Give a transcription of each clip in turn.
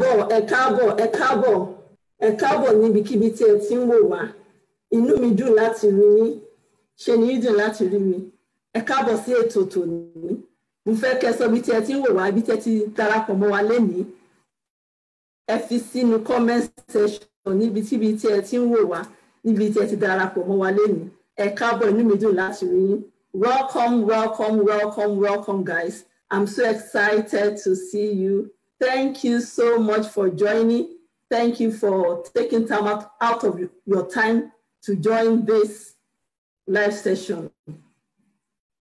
káàbọ̀ ẹ káàbọ̀ ẹ káàbọ̀ ẹ káàbọ̀ níbikíbi tí ẹ ti ń wò wá inú mi dùn láti rí yín ṣe ni yín dùn láti rí mi ẹ káàbọ̀ sí ètò tòní mo fẹ́ kẹ́ sọ bí tí ẹ ti ń wò wá bí tí ẹ ti darapọ̀ mọ́ wa lénìí ẹ fi sínú comment section níbi tíbi tí ẹ ti ń wò wá níbi tí ẹ ti darapọ̀ mọ́ wa lénìí ẹ káàbọ̀ inú mi dùn láti rí yín welcome welcome welcome welcome guys i'm so excited to see you Thank you so much for joining. Thank you for taking time out, out of your time to join this live session.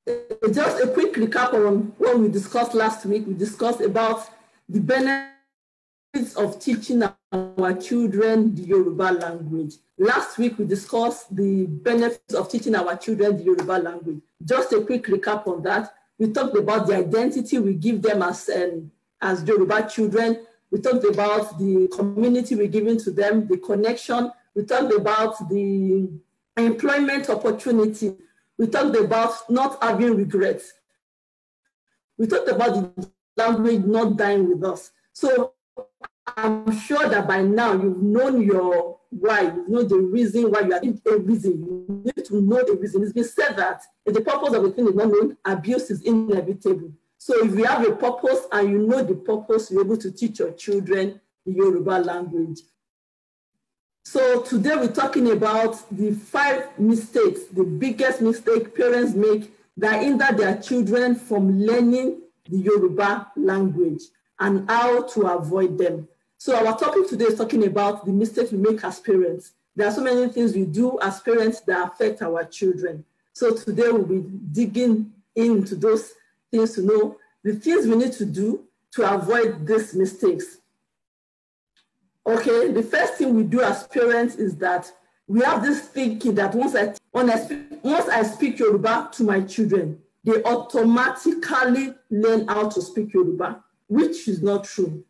Uh, just a quick recap on what we discussed last week. We discussed about the benefits of teaching our children the Yoruba language. Last week, we discussed the benefits of teaching our children the Yoruba language. Just a quick recap on that. We talked about the identity we give them as um, as Yoruba children. We talked about the community we're giving to them, the connection. We talked about the employment opportunity. We talked about not having regrets. We talked about the language not dying with us. So I'm sure that by now you've known your why, you know the reason why you are in a reason. You need to know the reason. It's been said that if the purpose of a thing is not known, abuse is inevitable. So if you have a purpose and you know the purpose, you're able to teach your children the Yoruba language. So today we're talking about the five mistakes, the biggest mistake parents make that hinder their children from learning the Yoruba language and how to avoid them. So our topic today is talking about the mistakes we make as parents. There are so many things we do as parents that affect our children. So today we'll be digging into those things to know, the things we need to do to avoid these mistakes. Okay, the first thing we do as parents is that we have this thinking that once I, once I, speak, once I speak Yoruba to my children, they automatically learn how to speak Yoruba, which is not true.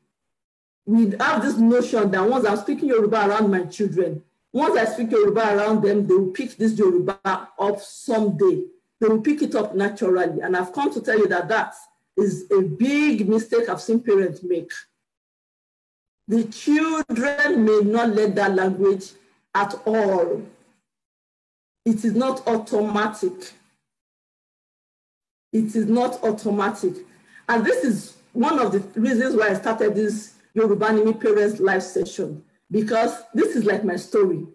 We have this notion that once I'm speaking Yoruba around my children, once I speak Yoruba around them, they will pick this Yoruba up someday they will pick it up naturally. And I've come to tell you that that is a big mistake I've seen parents make. The children may not learn that language at all. It is not automatic. It is not automatic. And this is one of the reasons why I started this Yorubanimi Parents Live session, because this is like my story.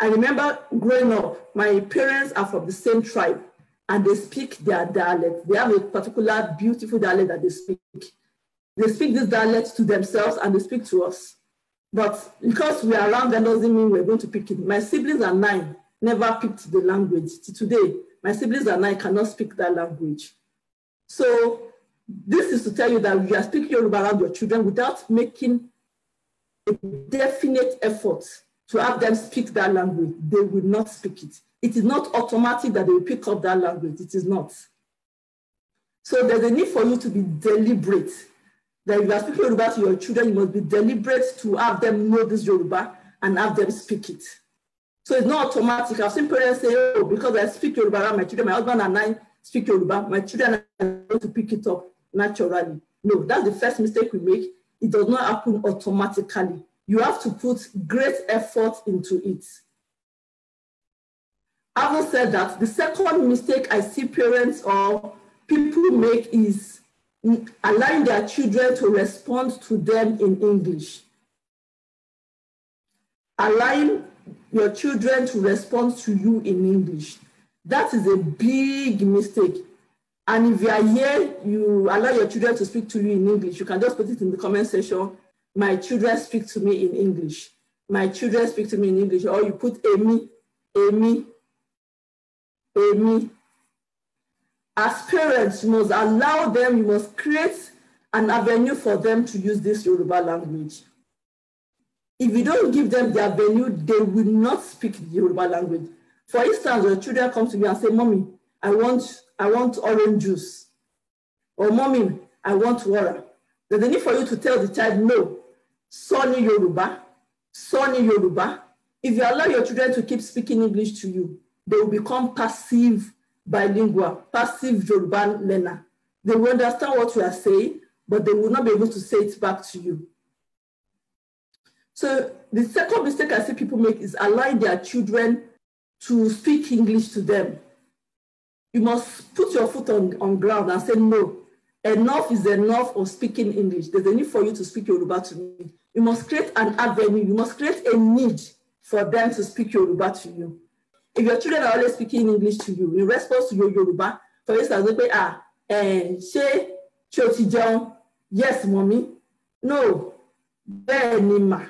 I remember growing up, my parents are from the same tribe and they speak their dialect. They have a particular beautiful dialect that they speak. They speak this dialect to themselves and they speak to us. But because we are around, that doesn't mean we're going to pick it. My siblings are nine, never picked the language. To today, my siblings and I cannot speak that language. So this is to tell you that we are speaking Yoruba around your children without making a definite effort to have them speak that language, they will not speak it. It is not automatic that they will pick up that language. It is not. So there's a need for you to be deliberate. That if you are speaking Yoruba to your children, you must be deliberate to have them know this Yoruba and have them speak it. So it's not automatic. I've seen parents say, oh, because I speak Yoruba, my children, my husband and I speak Yoruba, my children are going to pick it up naturally. No, that's the first mistake we make. It does not happen automatically you have to put great effort into it. Having said that, the second mistake I see parents or people make is allowing their children to respond to them in English. Allowing your children to respond to you in English. That is a big mistake. And if you are here, you allow your children to speak to you in English, you can just put it in the comment section my children speak to me in English. My children speak to me in English. Or you put Amy, Amy, Amy. As parents, you must allow them, you must create an avenue for them to use this Yoruba language. If you don't give them the avenue, they will not speak the Yoruba language. For instance, your children come to me and say, Mommy, I want, I want orange juice. Or Mommy, I want water. There's a need for you to tell the child, no, Sonny Yorùbá, Sonny Yorùbá. If you allow your children to keep speaking English to you, they will become passive bilingual, passive Yoruba learner. They will understand what you are saying, but they will not be able to say it back to you. So the second mistake I see people make is allowing their children to speak English to them. You must put your foot on, on ground and say, no, enough is enough of speaking English. There's a need for you to speak Yoruba to me. You must create an avenue. You must create a need for them to speak Yoruba to you. If your children are always speaking English to you in response to your Yoruba, for instance, they say, ah, eh, ṣé Yes, mommy. No, bẹ́ẹ̀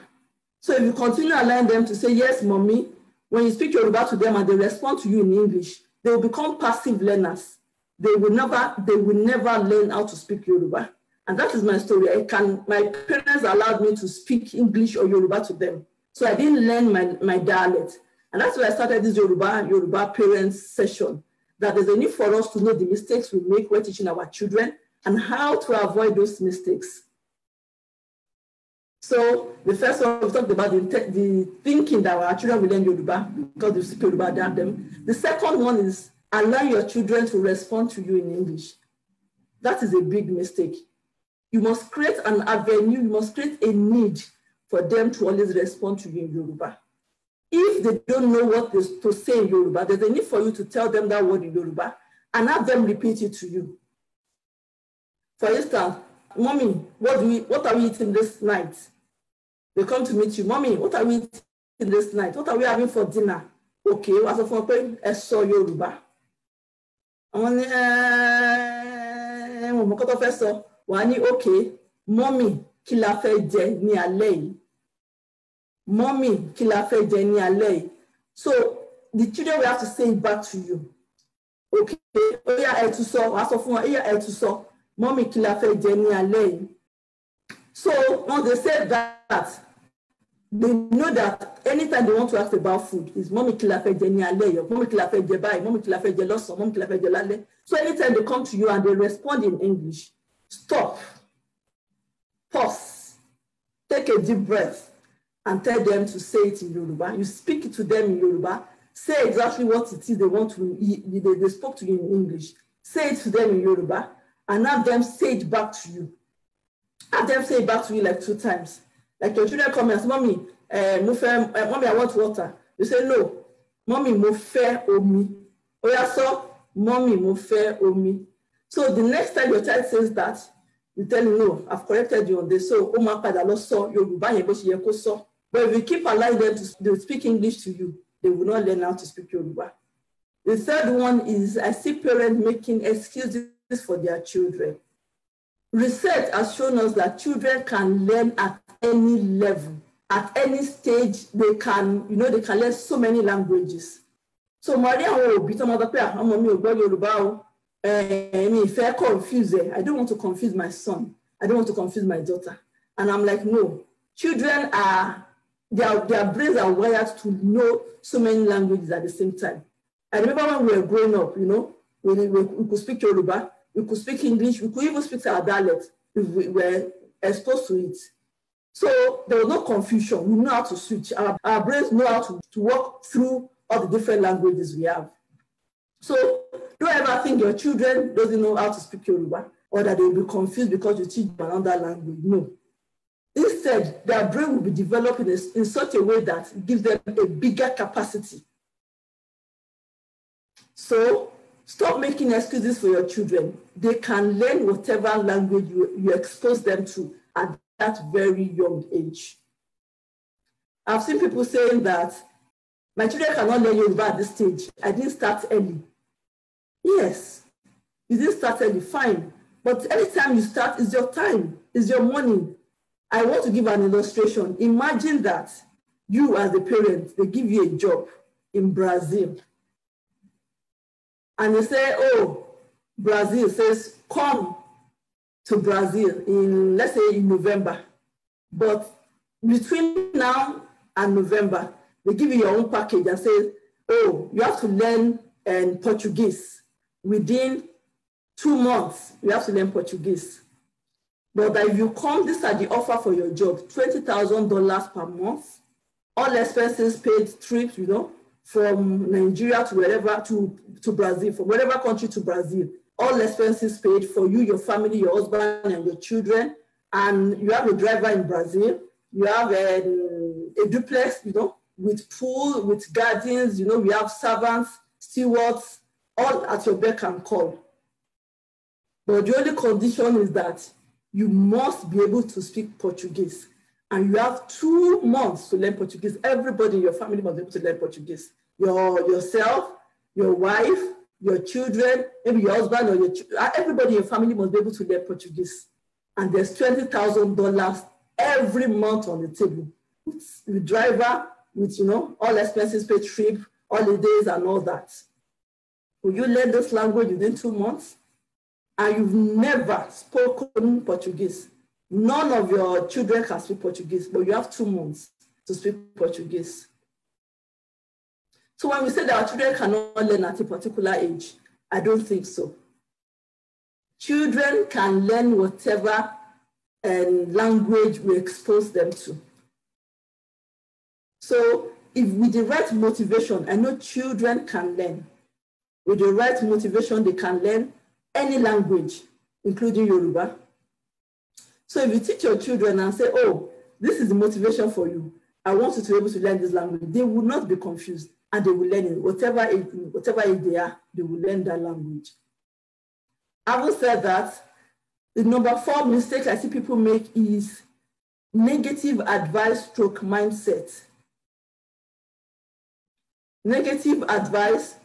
So if you continue allowing them to say, yes, mommy, when you speak Yoruba to them and they respond to you in English, they will become passive learners. They will never, they will never learn how to speak Yoruba. And that is my story. I can, my parents allowed me to speak English or Yoruba to them. So I didn't learn my, my dialect. And that's why I started this Yoruba, Yoruba parents session, that there's a need for us to know the mistakes we make when teaching our children and how to avoid those mistakes. So the first one we talked about the, the thinking that our children will learn Yoruba because they speak Yoruba down them. The second one is allow your children to respond to you in English. That is a big mistake. You must create an avenue, you must create a need for them to always respond to you in Yoruba. If they don't know what to say in Yoruba, there's a need for you to tell them that word in Yoruba and have them repeat it to you. For instance, mommy, what, do we, what are we eating this night? They come to meet you, mommy, what are we eating this night? What are we having for dinner? Okay, what's the fún ọ pé ẹ sọ Yorùbá. Àwọn ní ẹ̀ẹ́n mọ̀mọ́kọ́tọ́ wàá ní òkè mọ́mì kí la fẹ́ jẹ ní alẹ́ yìí mọ́mì kí la fẹ́ jẹ ní alẹ́ yìí so the children will have to say back to you okay? Oya ẹ tún sọ wàá sọ fún wọn óyá ẹ tún sọ mọ́mì kí la fẹ́ jẹ ní alẹ́ yìí so once they say that they know that anytime they want to ask about food is mommy kila la fẹ́ jẹ ní alẹ́ yọ mọ́mí kí la fẹ́ jẹ báyìí mọ́mí kí la fẹ́ jẹ lọ́sàn-án mọ́mí kí so anytime they come to you and they respond in English Stop, pause, take a deep breath, and tell them to say it in Yoruba. You speak to them in Yoruba, say exactly what it is they want to, they, they spoke to you in English. Say it to them in Yoruba, and have them say it back to you. Have them say it back to you like two times. Like your children come and say, Mommy, uh, mo uh, mommy, I want water. You say, No, mommy, mo fẹ́ omi. Oya sọ, mommy, mo fẹ́ omi. So the next time your child says that, you tell him, no, I've corrected you on this. So, ó máa padà lọ sọ you yẹn bó ṣe yẹ sọ. But if you keep allowing them to speak English to you, they will not learn how to speak Yoruba. The third one is I see parents making excuses for their children. Research has shown us that children can learn at any level, at any stage. They can, you know, they can learn so many languages. So Maria, oh, bit of mother prayer, ọmọ mi ò gbọ́ Yorùbá o gbo yoruba I eh, mean, if I confuse I don't want to confuse my son. I don't want to confuse my daughter. And I'm like, no, children are, their, their brains are wired to know so many languages at the same time. I remember when we were growing up, you know, we, we, we could speak Yoruba, we could speak English, we could even speak our dialect if we were exposed to it. So there was no confusion. We know how to switch. Our, our brains know how to, to work through all the different languages we have. So don't ever think your children doesn't know how to speak Yoruba or that they'll be confused because you teach them another language. No. Instead, their brain will be developing in, in such a way that gives them a bigger capacity. So stop making excuses for your children. They can learn whatever language you, you expose them to at that very young age. I've seen people saying that my children cannot learn Yoruba at this stage. I didn't start early. Yes. You didn't start early, fine. But anytime you start, it's your time, it's your money. I want to give an illustration. Imagine that you, as a parent, they give you a job in Brazil. And they say, oh, Brazil says, come to Brazil in, let's say, in November. But between now and November, they give you your own package and say, oh, you have to learn um, Portuguese within two months, you have to learn Portuguese. But if you come, this are the offer for your job, $20,000 per month, all expenses paid trips, you know, from Nigeria to wherever, to, to Brazil, from whatever country to Brazil. All expenses paid for you, your family, your husband, and your children. And you have a driver in Brazil. You have um, a duplex, you know, with pool, with gardens. You know, we have servants, stewards, all at your beck and call. But the only condition is that you must be able to speak Portuguese. And you have two months to learn Portuguese. Everybody in your family must be able to learn Portuguese. Your, yourself, your wife, your children, maybe your husband or your everybody in your family must be able to learn Portuguese. And there's $20,000 every month on the table. With driver, with, you know, all expenses paid trip, holidays and all that. Will you learn this language within two months? And you've never spoken Portuguese. None of your children can speak Portuguese, but you have two months to speak Portuguese. So when we say that our children cannot learn at a particular age, I don't think so. Children can learn whatever um, language we expose them to. So if with the right motivation, I know children can learn. With the right motivation, they can learn any language, including Yoruba. So if you teach your children and say, oh, this is the motivation for you, I want you to be able to learn this language, they will not be confused and they will learn it. Whatever age, whatever age they are, they will learn that language. Having said that, the number four mistake I see people make is negative advice stroke mindset. Negative advice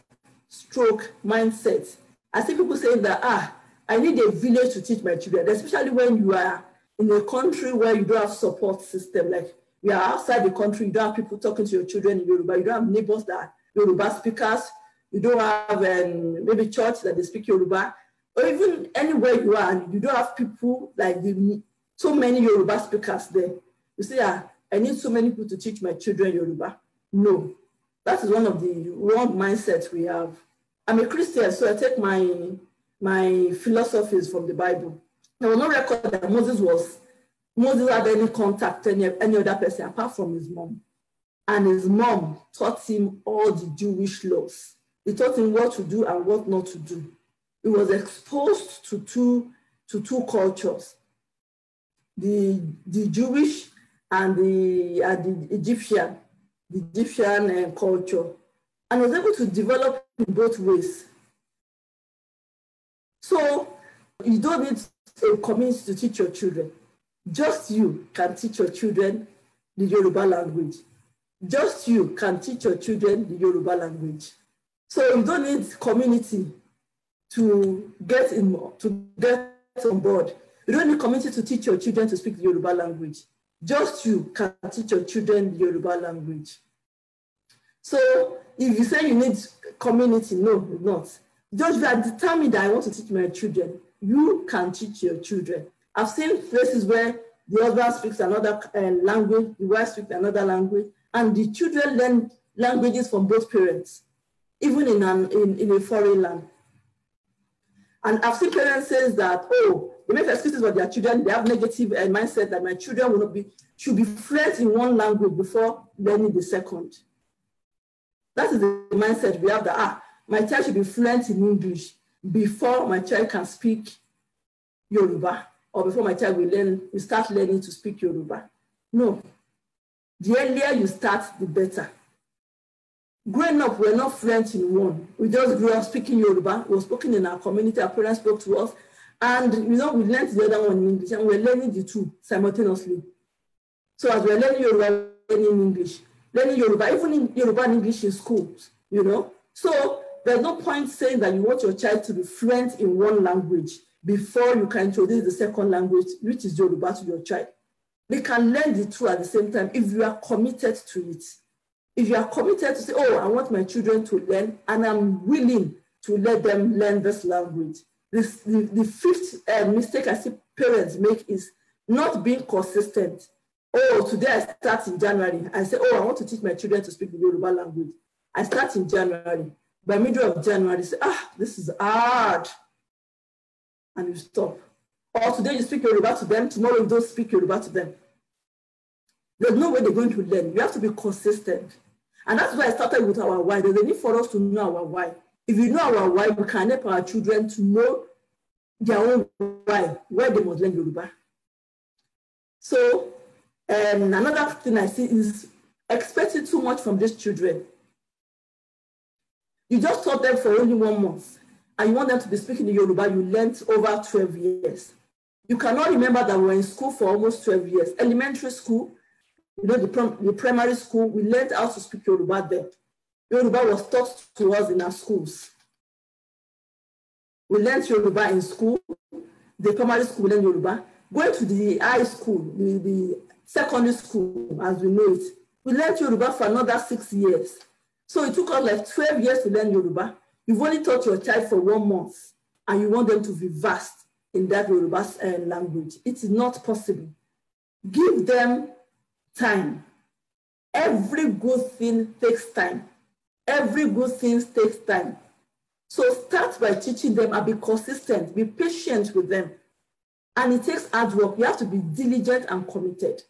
stroke mindset. I see people saying that, ah, I need a village to teach my children, especially when you are in a country where you don't have support system. Like we are outside the country, you don't have people talking to your children in Yoruba, you don't have neighbors that are Yoruba speakers, you don't have um, maybe church that they speak Yoruba, or even anywhere you are, you don't have people like the, so many Yoruba speakers there. You say, ah, I need so many people to teach my children Yoruba. No, that is one of the wrong mindsets we have. I'm a Christian, so I take my, my philosophies from the Bible. There was no record that Moses was, Moses had any contact, any, any other person apart from his mom. And his mom taught him all the Jewish laws. He taught him what to do and what not to do. He was exposed to two, to two cultures, the, the Jewish and the, and the Egyptian the Egyptian eh, culture and was able to develop in both ways. So you don't need a community to teach your children. Just you can teach your children the Yoruba language. Just you can teach your children the Yoruba language. So you don't need community to get in to get on board. You don't need community to teach your children to speak the Yoruba language just you can teach your children the Yoruba language. So if you say you need community, no, not. Just that determined that I want to teach my children, you can teach your children. I've seen places where the other speaks another uh, language, the wife speaks another language, and the children learn languages from both parents, even in, an, in, in a foreign land. And I've seen parents say that, oh, they make excuses for their children. They have negative uh, mindset that my children will not be, should be fluent in one language before learning the second. That is the mindset we have that, ah, my child should be fluent in English before my child can speak Yoruba or before my child will learn, will start learning to speak Yoruba. No. The earlier you start, the better. Growing up, we're not fluent in one. We just grew up speaking Yoruba. We were spoken in our community. Our parents spoke to us. And you know, we learned the other one in English, and we're learning the two simultaneously. So as we're learning Yoruba, learning English, learning Yoruba, even in Yoruba and English in schools, you know. So there's no point saying that you want your child to be fluent in one language before you can introduce the second language, which is Yoruba, to your child. They can learn the two at the same time if you are committed to it. If you are committed to say, oh, I want my children to learn, and I'm willing to let them learn this language this, the, the fifth uh, mistake I see parents make is not being consistent. Oh, today I start in January. I say, oh, I want to teach my children to speak the Yoruba language. I start in January. By middle of January, say, ah, this is hard. And you stop. Or today you speak Yoruba to them, tomorrow you don't speak Yoruba to them. There's no way they're going to learn. You have to be consistent. And that's why I started with our why. There's a need for us to know our why. If we know our why, we can help our children to know their own why, why they must learn Yoruba. So um, another thing I see is expecting too much from these children. You just taught them for only one month, and you want them to be speaking in Yoruba, you learned over 12 years. You cannot remember that we were in school for almost 12 years. Elementary school, you know, the, prim- the primary school, we learned how to speak Yoruba there. Yoruba was taught to us in our schools. We learned Yoruba in school, the primary school learned Yoruba. Going to the high school, the, the secondary school, as we know it, we learned Yoruba for another six years. So it took us like 12 years to learn Yoruba. You've only taught your child for one month, and you want them to be vast in that Yoruba uh, language. It is not possible. Give them time. Every good thing takes time. Every good thing takes time. So start by teaching them and be consistent, be patient with them. And it takes hard work. You have to be diligent and committed.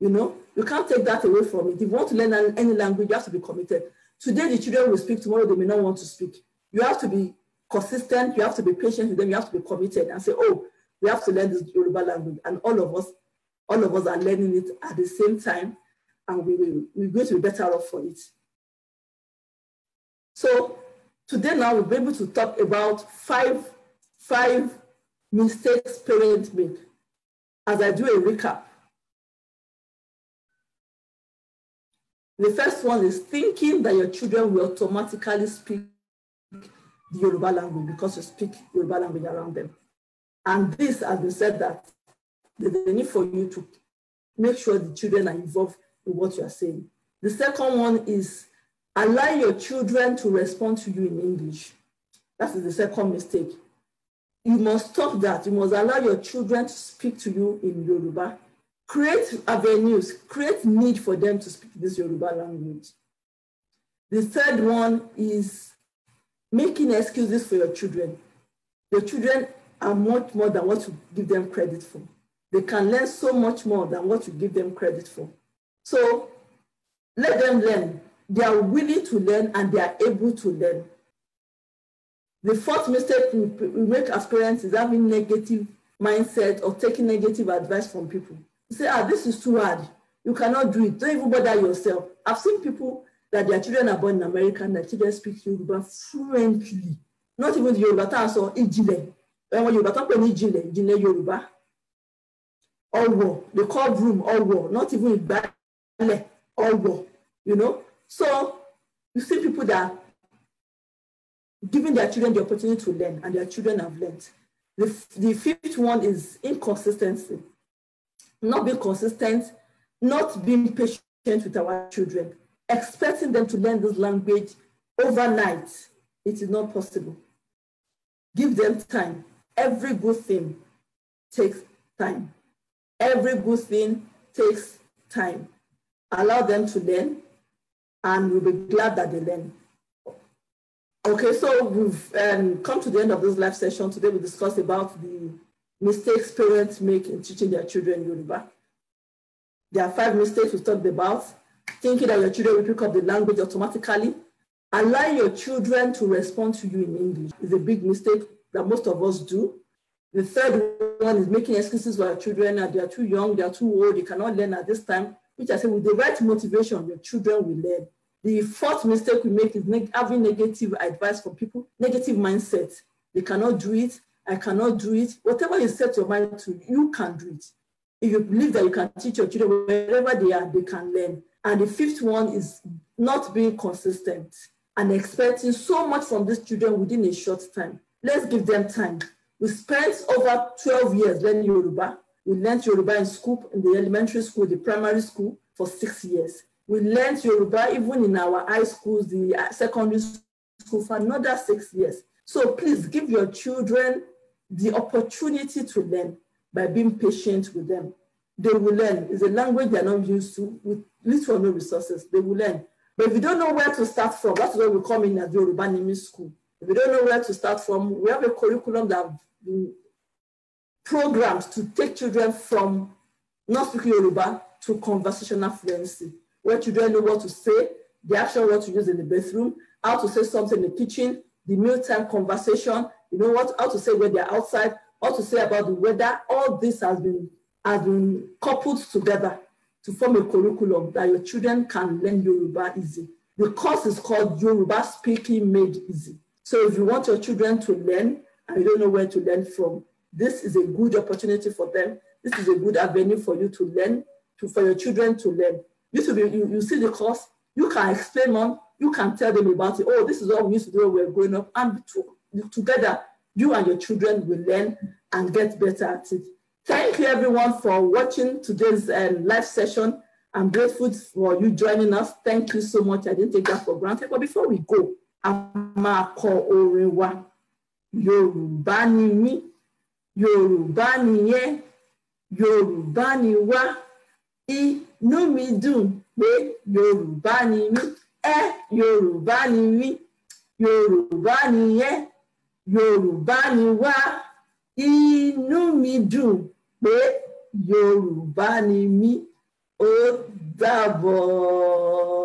You know, you can't take that away from it. If you want to learn any language, you have to be committed. Today, the children will speak, tomorrow, they may not want to speak. You have to be consistent, you have to be patient with them, you have to be committed and say, oh, we have to learn this Yoruba language. And all of us, all of us are learning it at the same time, and we will, we're going to be better off for it. So today now we'll be able to talk about five, five mistakes parents make as I do a recap. The first one is thinking that your children will automatically speak the Yoruba language because you speak Yoruba language around them. And this, as we said, that there's a need for you to make sure the children are involved in what you are saying. The second one is Allow your children to respond to you in English. That is the second mistake. You must stop that. You must allow your children to speak to you in Yoruba. Create avenues, create need for them to speak this Yoruba language. The third one is making excuses for your children. Your children are much more than what you give them credit for. They can learn so much more than what you give them credit for. So let them learn. They are willing to learn and they are able to learn. The fourth mistake we, we make as parents is having negative mindset or taking negative advice from people. You say, ah, this is too hard. You cannot do it. Don't even bother yourself. I've seen people that their children are born in America and their children speak Yoruba fluently. Not even the Yoruba tá a sọ ìjìnlẹ̀. Àwọn Yorùbá tó pè ní ìjìnlẹ̀ ìjìnlẹ̀ Yorùbá. Ọ̀wọ̀ the cold room ọ̀wọ̀ not even all ọ̀wọ̀ you know so you see people that are giving their children the opportunity to learn, and their children have learned. The, the fifth one is inconsistency, not being consistent, not being patient with our children, expecting them to learn this language overnight. It is not possible. Give them time. Every good thing takes time. Every good thing takes time. Allow them to learn, and we'll be glad that they learn. Okay, so we've um, come to the end of this live session. Today we discussed about the mistakes parents make in teaching their children Yoruba. There are five mistakes we talked about. Thinking that your children will pick up the language automatically. Allowing your children to respond to you in English is a big mistake that most of us do. The third one is making excuses for our children that ah, they are too young, they are too old, they cannot learn at this time, which I say with the right motivation, your children will learn. The fourth mistake we make is neg having negative advice for people, negative mindset. They cannot do it. I cannot do it. Whatever you set your mind to, you can do it. If you believe that you can teach your children wherever they are, they can learn. And the fifth one is not being consistent and expecting so much from these children within a short time. Let's give them time. We spent over 12 years learning Yoruba. We learned Yoruba in school, in the elementary school, the primary school, for six years. We learned Yoruba even in our high schools, the secondary school for another six years. So please give your children the opportunity to learn by being patient with them. They will learn. It's a language they're not used to with little or no resources. They will learn. But if you don't know where to start from, that's where we come in as the Yoruba Nimi School. If you don't know where to start from, we have a curriculum that programs to take children from not speaking Yoruba to conversational fluency where children know what to say, the actual what to use in the bathroom, how to say something in the kitchen, the mealtime conversation, you know what, how to say when they're outside, how to say about the weather. All this has been has been coupled together to form a curriculum that your children can learn Yoruba easy. The course is called Yoruba Speaking Made Easy. So if you want your children to learn and you don't know where to learn from, this is a good opportunity for them. This is a good avenue for you to learn, to, for your children to learn you, you see the course, you can explain on, you can tell them about it. Oh, this is what we used to do when we were growing up. And to, together, you and your children will learn and get better at it. Thank you everyone for watching today's um, live session. I'm grateful for you joining us. Thank you so much. I didn't take that for granted. But before we go, a kọ orin Yorùbá ni mí, Yorùbá nìyẹn, Yorùbá wá. inú mi dùn pé yorùbá ni mí ẹ yorùbá ni mí yorùbá ni yẹ yorùbá ni wá inú mi dùn pé yorùbá ni mí ó dàbọ̀.